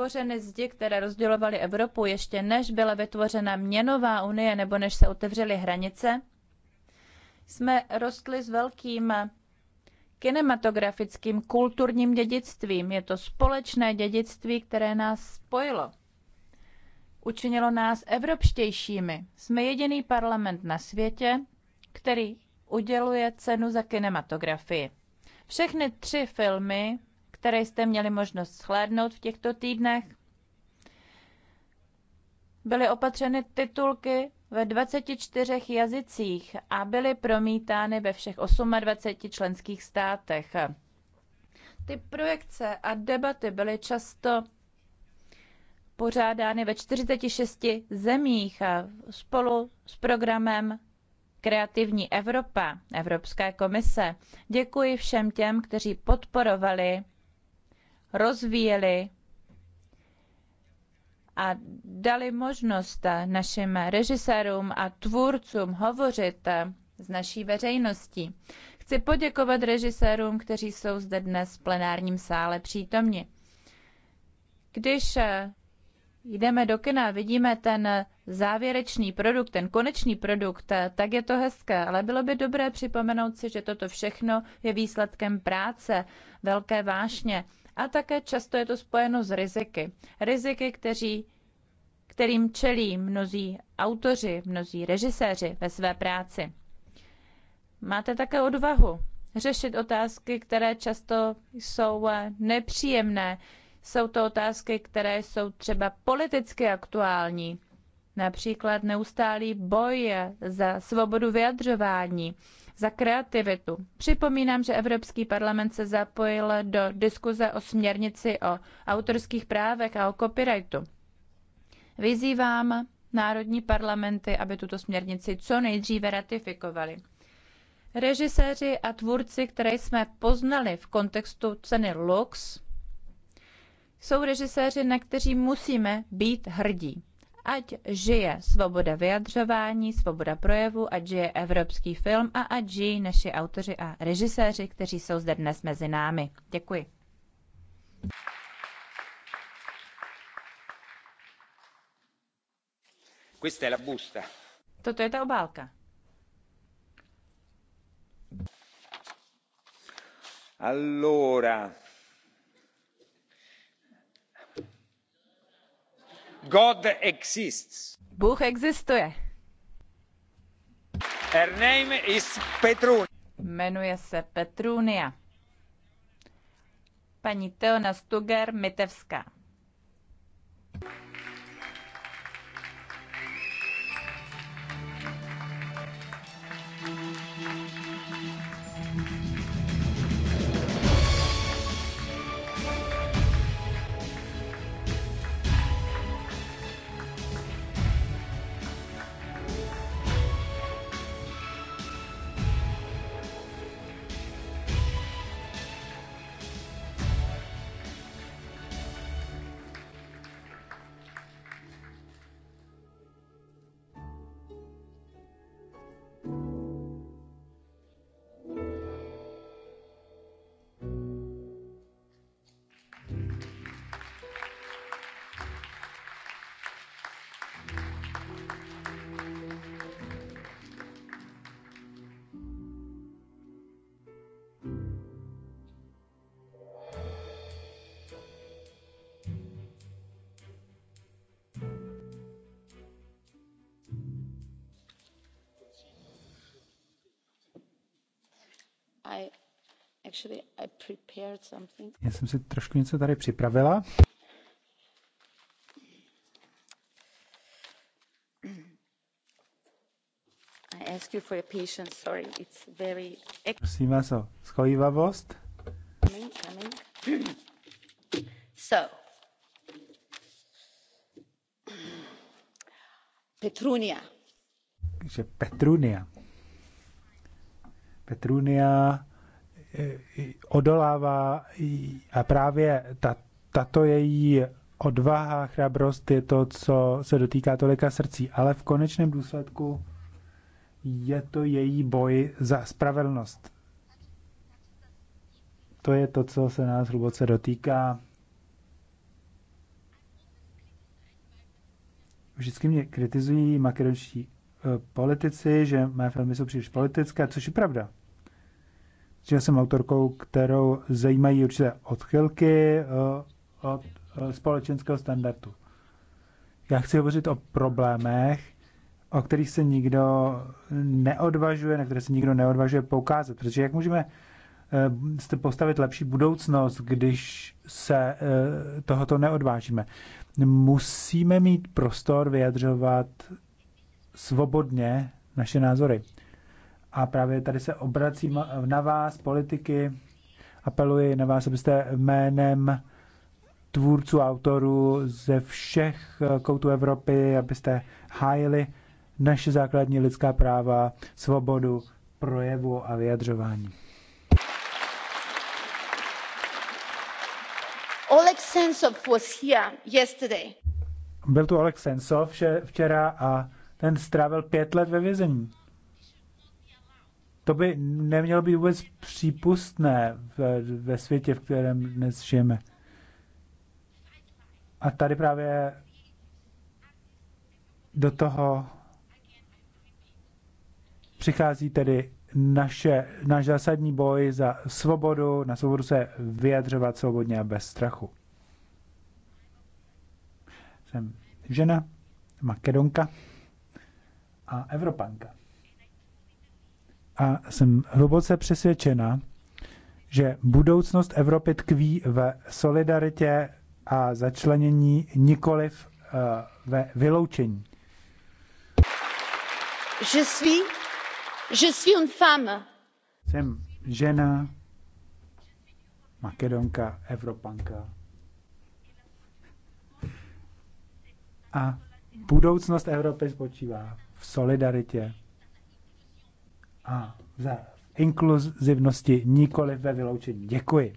rozbořeny zdi, které rozdělovaly Evropu ještě než byla vytvořena měnová unie nebo než se otevřely hranice, jsme rostli s velkým kinematografickým kulturním dědictvím. Je to společné dědictví, které nás spojilo. Učinilo nás evropštějšími. Jsme jediný parlament na světě, který uděluje cenu za kinematografii. Všechny tři filmy které jste měli možnost shlédnout v těchto týdnech, byly opatřeny titulky ve 24 jazycích a byly promítány ve všech 28 členských státech. Ty projekce a debaty byly často pořádány ve 46 zemích a spolu s programem Kreativní Evropa Evropské komise. Děkuji všem těm, kteří podporovali rozvíjeli a dali možnost našim režisérům a tvůrcům hovořit s naší veřejností. Chci poděkovat režisérům, kteří jsou zde dnes v plenárním sále přítomni. Když jdeme do kina, vidíme ten závěrečný produkt, ten konečný produkt, tak je to hezké, ale bylo by dobré připomenout si, že toto všechno je výsledkem práce, velké vášně a také často je to spojeno s riziky. Riziky, kteří, kterým čelí mnozí autoři, mnozí režiséři ve své práci. Máte také odvahu řešit otázky, které často jsou eh, nepříjemné. Jsou to otázky, které jsou třeba politicky aktuální Například neustálý boj za svobodu vyjadřování, za kreativitu. Připomínám, že Evropský parlament se zapojil do diskuze o směrnici o autorských právech a o copyrightu. Vyzývám národní parlamenty, aby tuto směrnici co nejdříve ratifikovali. Režiséři a tvůrci, které jsme poznali v kontextu ceny Lux, jsou režiséři, na kteří musíme být hrdí ať žije svoboda vyjadřování, svoboda projevu, ať žije evropský film a ať žijí naši autoři a režiséři, kteří jsou zde dnes mezi námi. Děkuji. Questa è la busta. Toto je ta obálka. Allora, God exists. Bůh existuje. Her name is Petrunia. Jmenuje se Petrunia. Paní Teona Stuger Mitevská. Já jsem si trošku něco tady připravila. Prosím vás o schovývavost. so, Petrunia. Takže Petrunia. Petrunia odolává a právě ta, tato její odvaha, chrabrost je to, co se dotýká tolika srdcí, ale v konečném důsledku je to její boj za spravedlnost. To je to, co se nás hluboce dotýká. Vždycky mě kritizují makedonští eh, politici, že mé filmy jsou příliš politické, což je pravda že jsem autorkou, kterou zajímají určité odchylky eh, od eh, společenského standardu. Já chci hovořit o problémech, o kterých se nikdo neodvažuje, na které se nikdo neodvažuje poukázat. Protože jak můžeme eh, postavit lepší budoucnost, když se tohoto neodvážíme? Musíme mít prostor vyjadřovat svobodně naše názory. A právě tady se obracím na vás, politiky, apeluji na vás, abyste jménem tvůrců, autorů ze všech koutů Evropy, abyste hájili naše základní lidská práva, svobodu, projevu a vyjadřování. Oleg Sensov was here yesterday. Byl tu Oleg Sensov včera a ten strávil pět let ve vězení. To by nemělo být vůbec přípustné ve světě, v kterém dnes žijeme. A tady právě do toho přichází tedy naše, náš zásadní boj za svobodu, na svobodu se vyjadřovat svobodně a bez strachu. Jsem žena, makedonka a evropanka a jsem hluboce přesvědčena, že budoucnost Evropy tkví ve solidaritě a začlenění, nikoliv eh, ve vyloučení. Je suis, je suis une femme. Jsem žena, makedonka, evropanka. A budoucnost Evropy spočívá v solidaritě a za inkluzivnosti, nikoli ve vyloučení. Děkuji.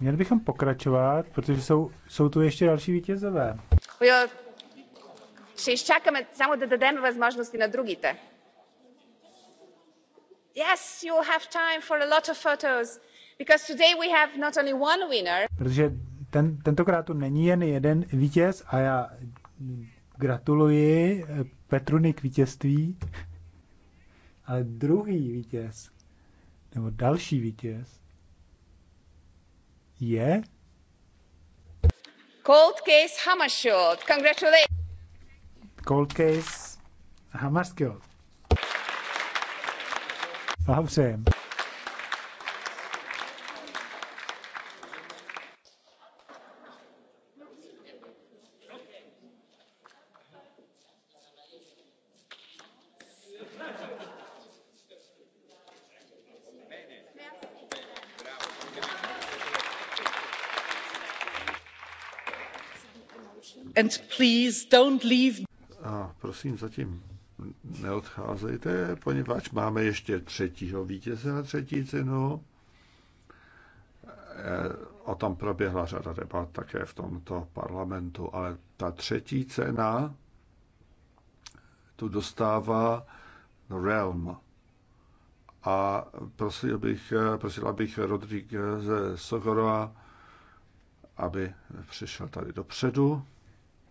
Měli bychom pokračovat, protože jsou, jsou tu ještě další vítězové. Yes, you have time for a lot of photos because today we have not only one winner. Protože ten, tentokrát tu není jen jeden vítěz a já gratuluji eh, Petruni k vítězství. Ale druhý vítěz, nebo další vítěz, je... Cold Case Hammarskjöld. Congratulations. Cold Case Hammarskjöld. Blahopřejeme. please don't leave. A prosím zatím neodcházejte, poněvadž máme ještě třetího vítěze na třetí cenu. Eh, o tom proběhla řada debat také v tomto parlamentu, ale ta třetí cena tu dostává Realm. A prosil bych, prosila bych ze Sogorova, aby přišel tady dopředu.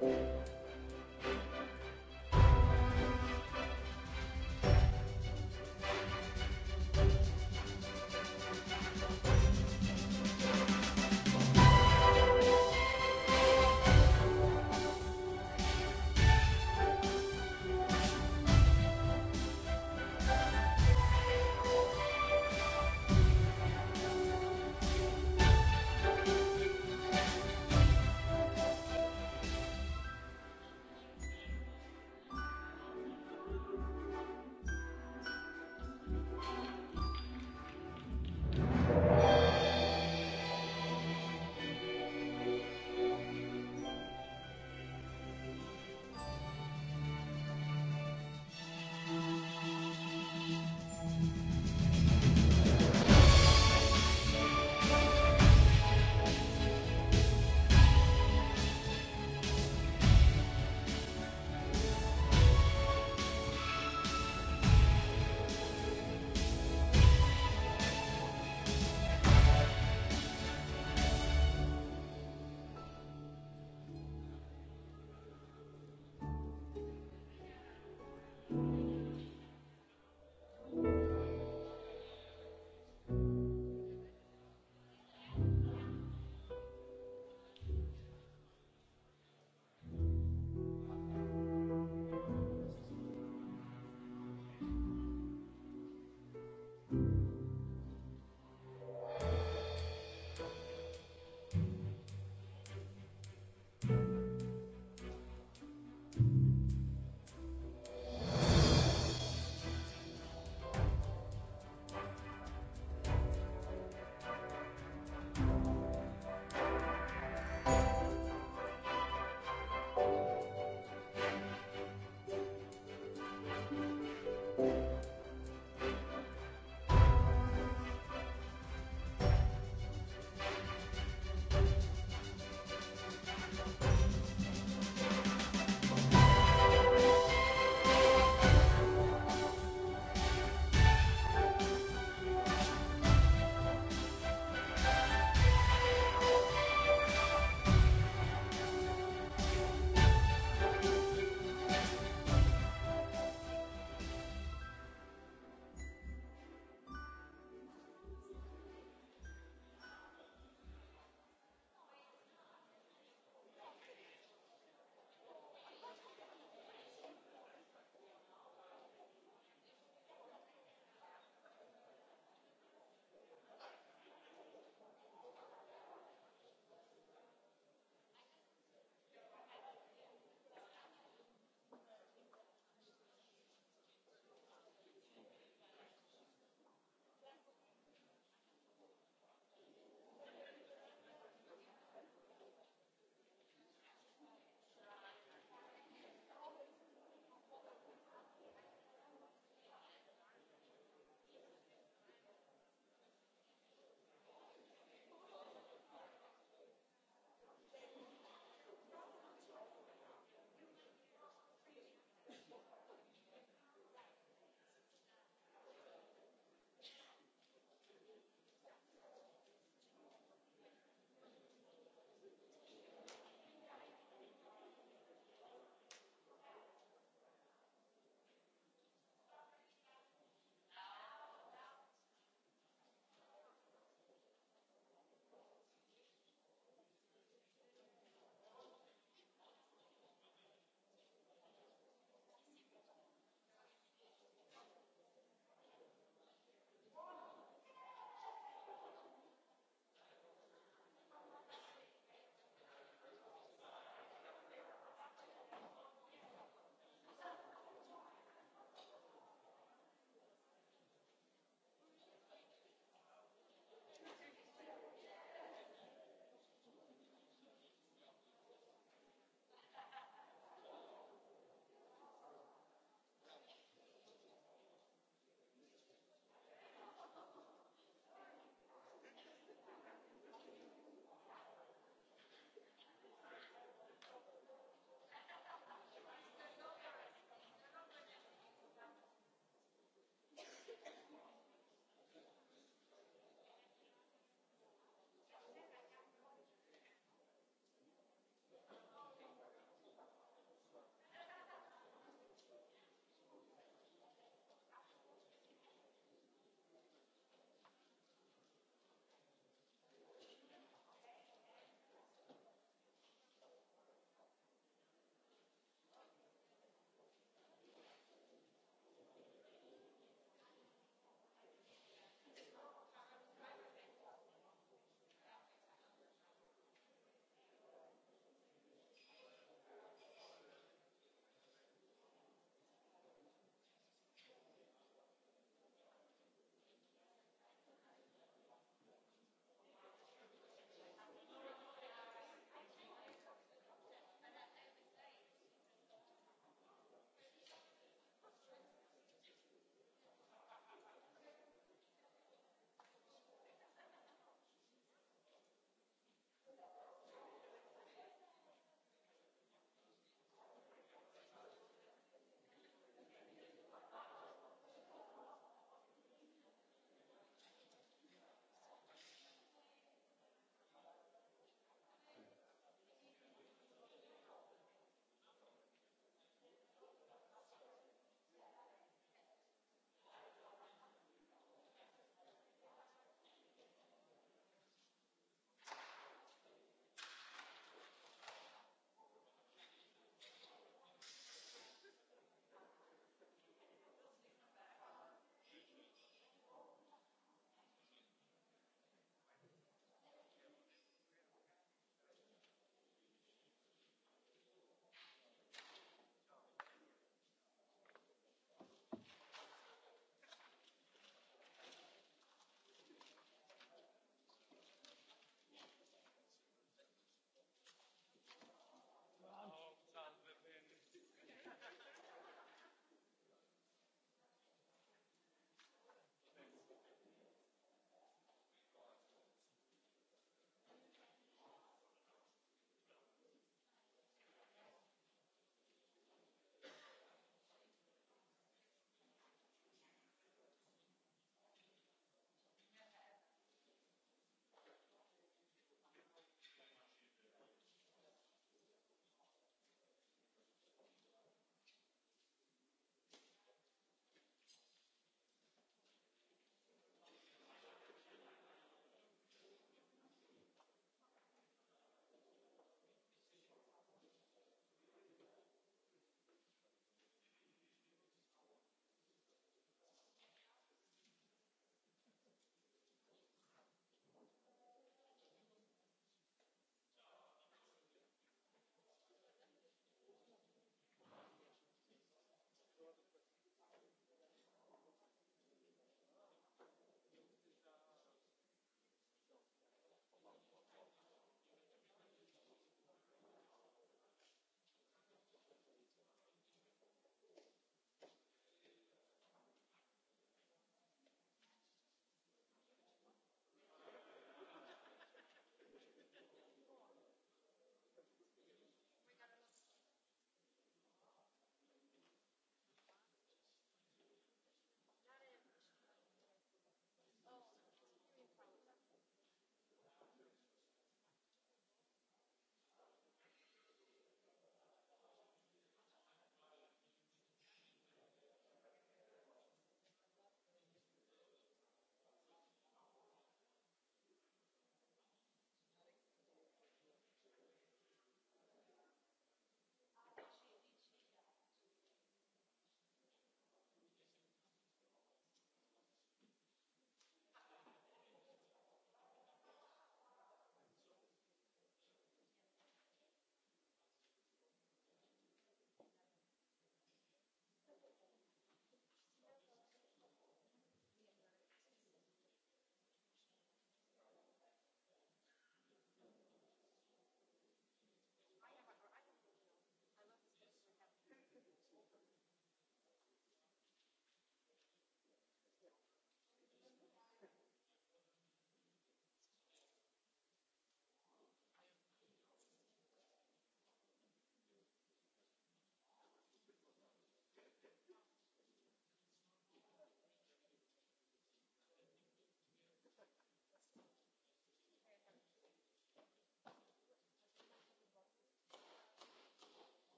Thank you.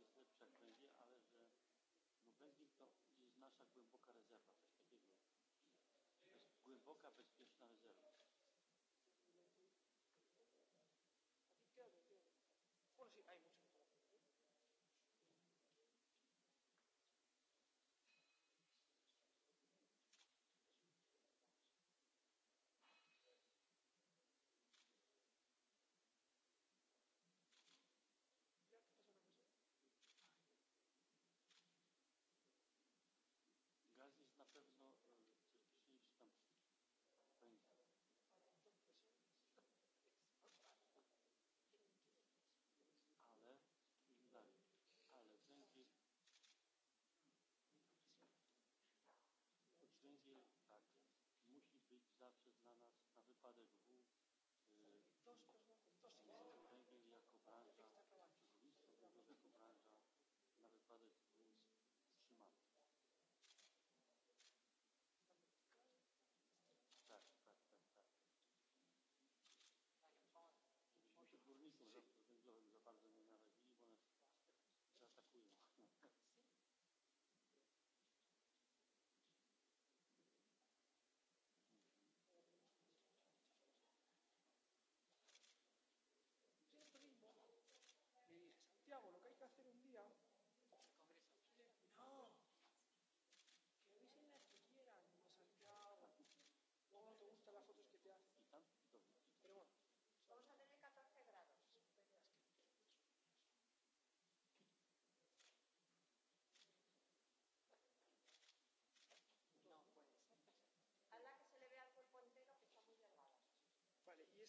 razie złe przeklęcie, ale że Lubelnik no to jest nasza głęboka rezerwa, coś takiego. To jest głęboka, bezpieczna rezerwa. před námi.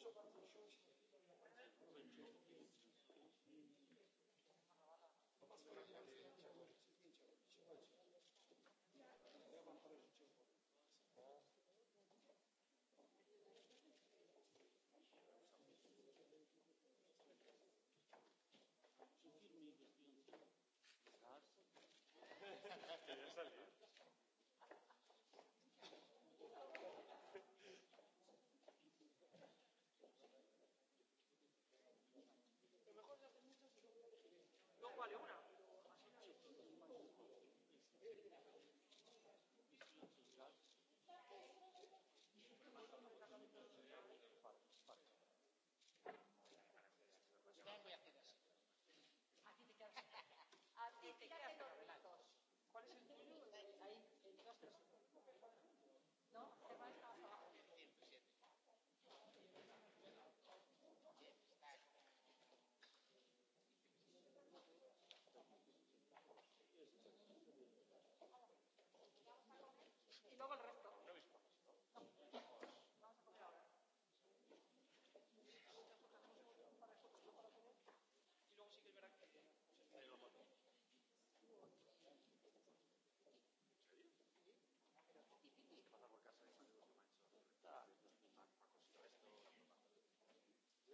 Bishop Anthony Schultz. No, tak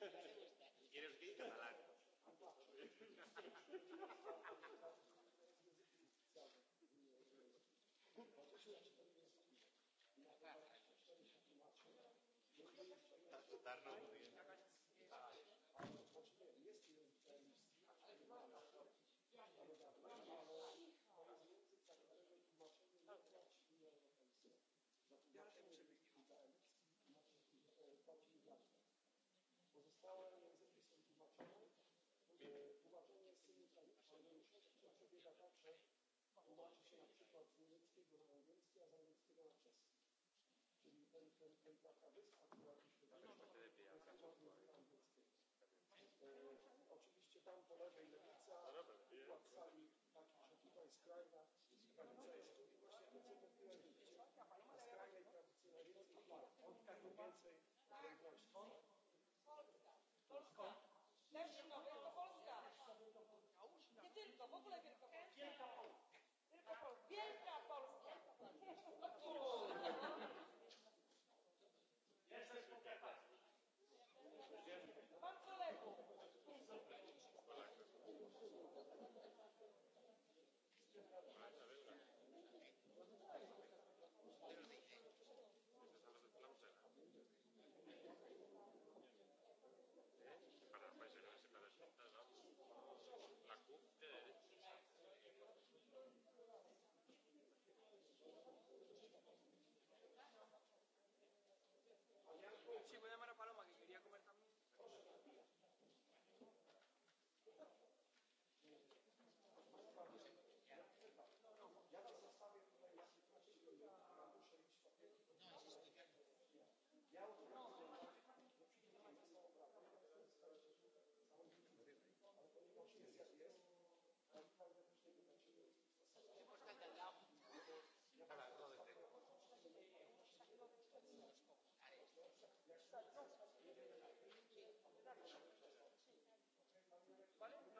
¿Quiere usted catalán? Tarno podía. Já vše, tlumačíš například z německého do anglického a z anglického na český. Czyli ten, ten, ten taka wyspa, która się ¿Cuál es?